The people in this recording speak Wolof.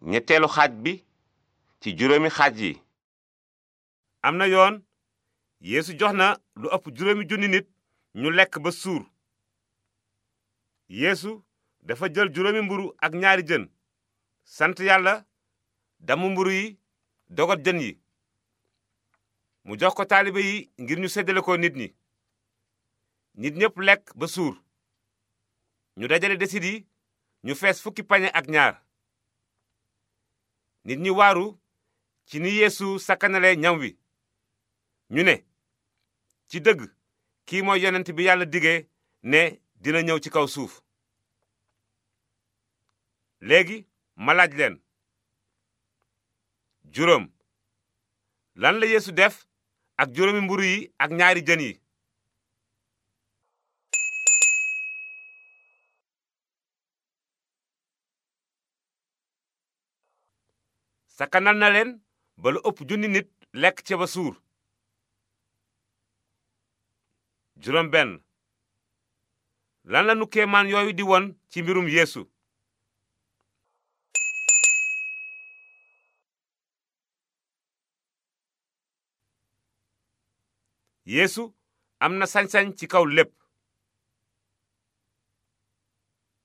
ñetteelu xaaj bi ci juróomi xaaj yi am na yoon yeesu jox na lu ëpp juróomi junni nit ñu lekk ba suur yéesu dafa jël juróomi mburu ak ñaari jën sant yàlla damu mburu yi dogot jën yi mu jox ko taalibe yi ngir ñu seddale ko nit ñi nit ñépp lekk ba suur ñu dajale desit yi ñu fees fukki pañe ak ñaar nit ñi waaru ci ni yeesu sakkanalee ñam wi ñu ne ci dëgg kii mooy yonent bi yàlla digee ne dina ñëw ci kaw suuf léegi malaaj leen juróom lan la yéesu def ak juróomi mburu yi ak ñaari jën yi sakanal na leen bala lu ëpp junni nit lekk ca ba juróom benn lan lanu nu yooyu di won ci mbirum yéesu yeesu am na sañ ci kaw lépp